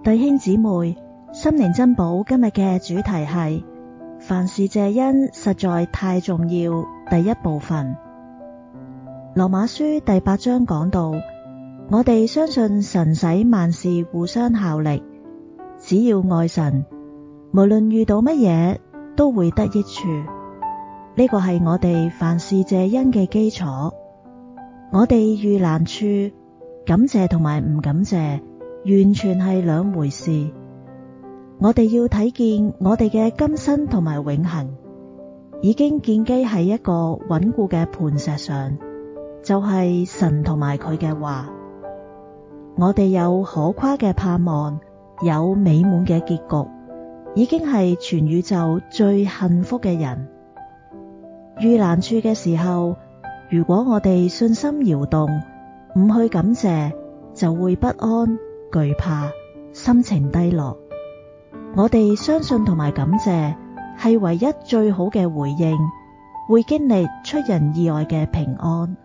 弟兄姊妹，心靈珍寶，今日嘅主題係凡事謝恩實在太重要。第一部分，羅馬書第八章講到，我哋相信神使萬事互相效力，只要愛神，無論遇到乜嘢都會得益處。呢個係我哋凡事謝恩嘅基礎。我哋遇難處，感謝同埋唔感謝。完全係兩回事。我哋要睇見我哋嘅今生同埋永恆已經建基喺一個穩固嘅磐石上，就係神同埋佢嘅話。我哋有可誇嘅盼望，有美滿嘅結局，已經係全宇宙最幸福嘅人。遇難處嘅時候，如果我哋信心搖動，唔去感謝，就會不安，懼怕，心情低落。我哋相信同埋感謝係唯一最好嘅回應，會經歷出人意外嘅平安。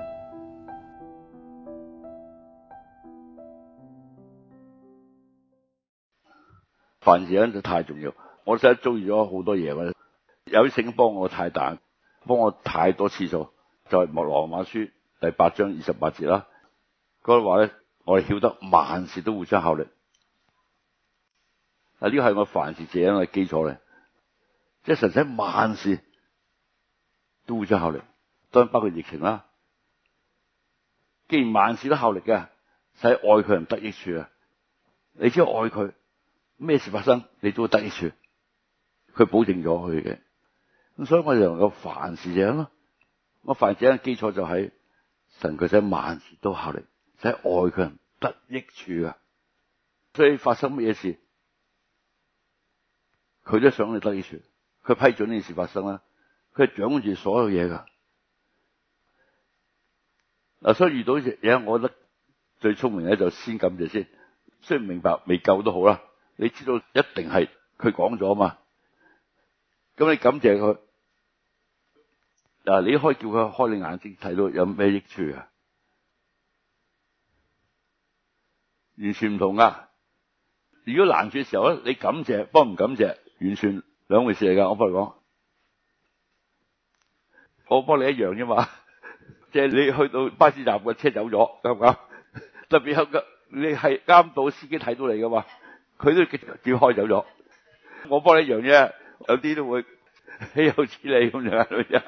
凡事實在太重要，我真係遭遇咗好多嘢有請幫我太大，幫我太多次數，就係《羅馬書》第八章二十八節啦，嗰度話咧。我哋曉得萬事都互相效力，啊！呢個係我凡事謝嘅基礎嚟，即係神使萬事都互相效力，當然包括疫情啦。既然萬事都效力嘅，使愛佢人得益處啊！你只要愛佢，咩事發生你都會得益處，佢保證咗佢嘅。咁所以我就能夠凡事謝咯。我凡事謝嘅基礎就係神佢使萬事都效力。睇外嘅人得益處啊，所以發生乜嘢事，佢都想你得益處，佢批准呢件事發生啦，佢係掌握住所有嘢噶。嗱，所以遇到嘢，我覺得最聰明嘅就先感謝先，雖然明白未夠都好啦，你知道一定係佢講咗嘛，咁你感謝佢，嗱，你可以叫佢開你眼睛睇到有咩益處啊？完全唔同啊，如果難處嘅時候咧，你感謝幫唔感謝，完全兩回事嚟噶。我不如講，我幫你一樣啫嘛。即係你去到巴士站個車走咗，特別有你係啱到司機睇到你噶嘛，佢都叫開走咗。我幫你一樣啫，有啲都會豈 有此理咁樣，係咪先？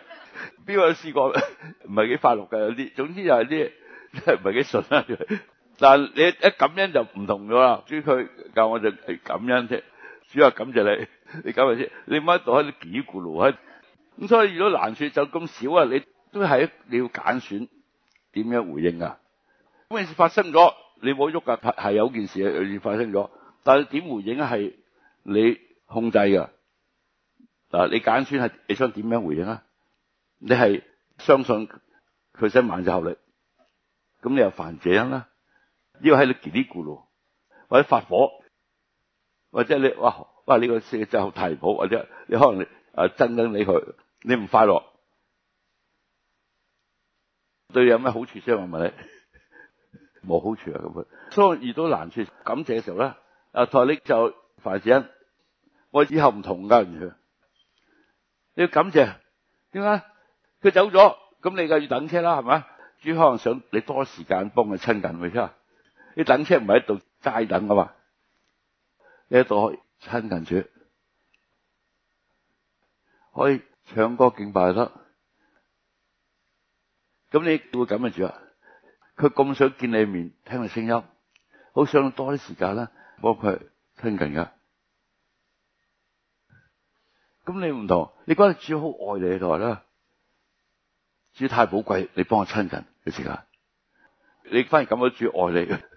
邊個有試過唔係幾快樂噶？有啲，總之就係啲，即係唔係幾順但係你一感恩就唔同咗啦，至於佢教我就係感恩啫。主要感謝你，你搞咪先，你乜度喺度攪咕嚕啊？咁所以如果難處就咁少啊，你都係你要揀選點樣回應啊？咁件事發生咗，你冇喐噶，係有件事又發生咗，但係點回應係你控制噶。嗱，你揀選係你想點樣回應啊？你係相信佢使萬事效力，咁你又煩者樣啦。要喺你嘰哩咕嚕咯，或者發火，或者你哇哇呢個社交太普，或者你可能你啊憎緊你佢，你唔快樂對有咩好處先？我問你，冇好處啊！咁啊，所以遇到難處感謝嘅時候咧，阿、啊、台力就凡事人，我以後唔同㗎。原來你要感謝點解？佢走咗，咁你就要等車啦，係咪？主以可能想你多時間幫佢親近佢先。你等車唔係喺度齋等噶嘛？你喺度可以親近主，可以唱歌敬拜就得。咁你會咁嘅主啊？佢咁想見你面，聽你聲音，好想多啲時間啦，幫佢親近噶。咁你唔同，你覺得主好愛你同埋啦？主太寶貴，你幫我親近嘅時間，你反而咁樣主愛你。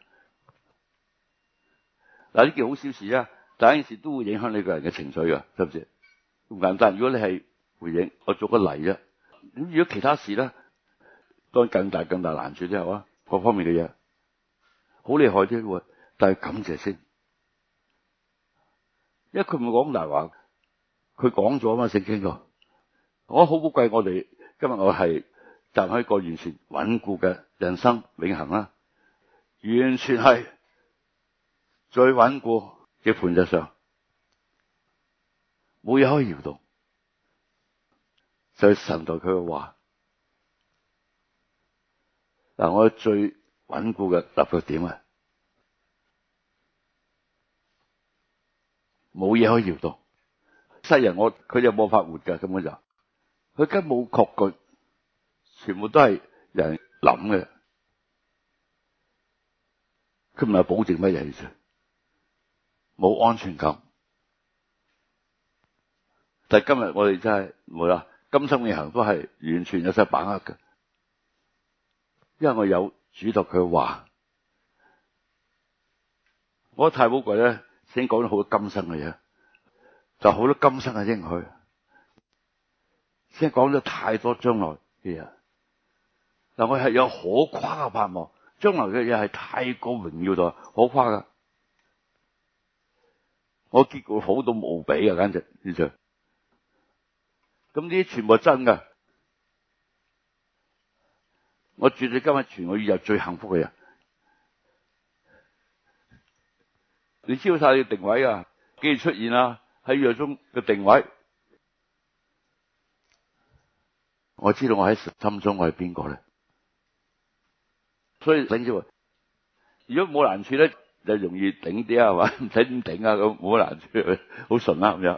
但係件好小事啊，但係件事都會影響你個人嘅情緒啊，係唔係？唔簡單。如果你係回應，我做個例啊。咁如果其他事咧，當更大、更大難處之後啊，各方面嘅嘢好厲害啫。喎。但係感謝先，因為佢唔會講大話，佢講咗啊嘛。聖經度，哦、不我好寶貴。今天我哋今日我係站喺一個完全穩固嘅人生永恒啦，完全係。最穩固嘅磐石上，冇嘢可以搖動。就神代佢嘅話，嗱，我最穩固嘅立足點啊，冇嘢可以搖動。世人我佢就冇法活噶，根本就佢根本冇確據，全部都係人諗嘅，佢唔係保證乜嘢嘅。冇安全感，但係今日我哋真係冇啦。今生永恆都係完全有晒把握嘅，因為我有主導佢話。我太寶貴咧，先講咗好多今生嘅嘢，就好多今生嘅應許，先講咗太多將來嘅嘢。嗱，我係有可誇嘅盼望，將來嘅嘢係太過榮耀到，可誇噶。我結果好到無比啊！簡直，咁呢啲全部真㗎。我絕對今日全個宇宙最幸福嘅人。你知唔晒你你定位啊，既然出現啦，喺宇宙中嘅定位，我知道我喺心中我係邊個咧。所以，總之、嗯，如果冇難處咧。就容易頂啲係嘛，唔使點頂啊，咁冇乜難處，好順啦咁樣。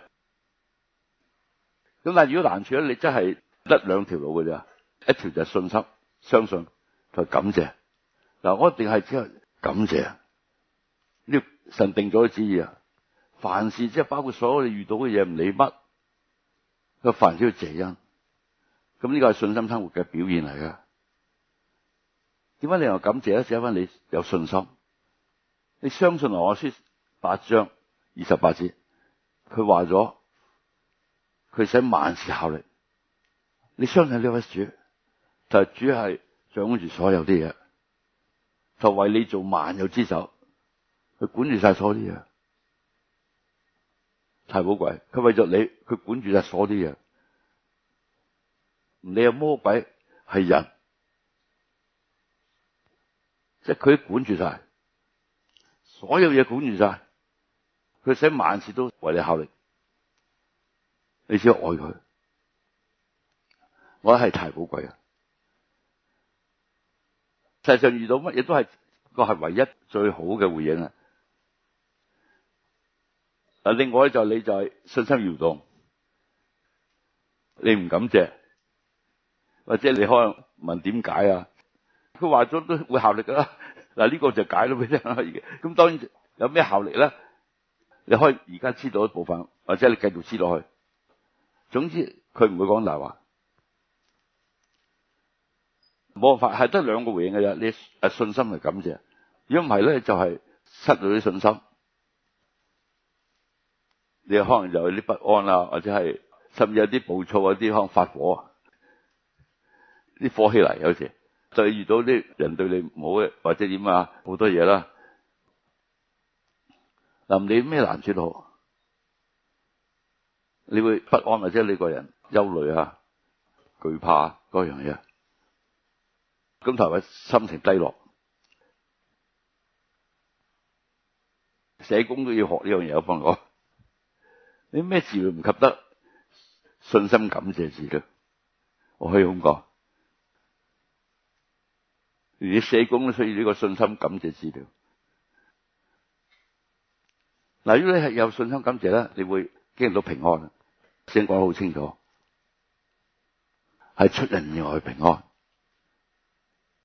咁但係如果難處咧，你真係得兩條路嘅啫，一條就係信心，相信就感謝。嗱，我一定係只係感謝。呢神定咗嘅旨意啊，凡事即係包括所有你遇到嘅嘢，唔理乜，都凡事都要謝恩。咁呢個係信心生活嘅表現嚟嘅。點解你又感謝咧？寫翻你有信心。你相信《羅馬書》八章二十八節，佢話咗佢使萬事效力。你相信呢位主，就係、是、主係掌握住所有啲嘢，就是、為你做萬有之手，佢管住晒所有啲嘢，太寶貴。佢為咗你，佢管住晒所有啲嘢。你又魔鬼係人，即係佢管住晒。所有嘢管完晒，佢寫萬事都為你效力，你只要愛佢，我係太寶貴啊！世上遇到乜嘢都係個係唯一最好嘅回應啊！另外就是、你在信心搖動，你唔感謝，或者你可能問點解啊？佢話咗都會效力噶啦。嗱，呢個就解到俾你。咁當然有咩效力咧？你可以而家知道一部分，或者你繼續知道去。總之，佢唔會講大話，冇辦法，係得兩個回應嘅啫。你信心係咁啫，如果唔係咧，就係失去啲信心，你可能就有啲不安啦，或者係甚至有啲暴躁，有啲可能發火啊，啲火氣嚟，有時。就係遇到啲人對你唔好嘅，或者點啊，好多嘢啦。嗱，你咩難處都好，你會不安或者你個人憂慮啊、懼怕嗰樣嘢，咁頭位心情低落，社工都要學呢樣嘢，幫我。你咩事會唔及得？信心感謝字咧，我可以咁講。如果你社工都需要呢個信心感謝治療，嗱，如果你係有信心感謝咧，你會經歷到平安。先講好清楚，係出人意外的平安。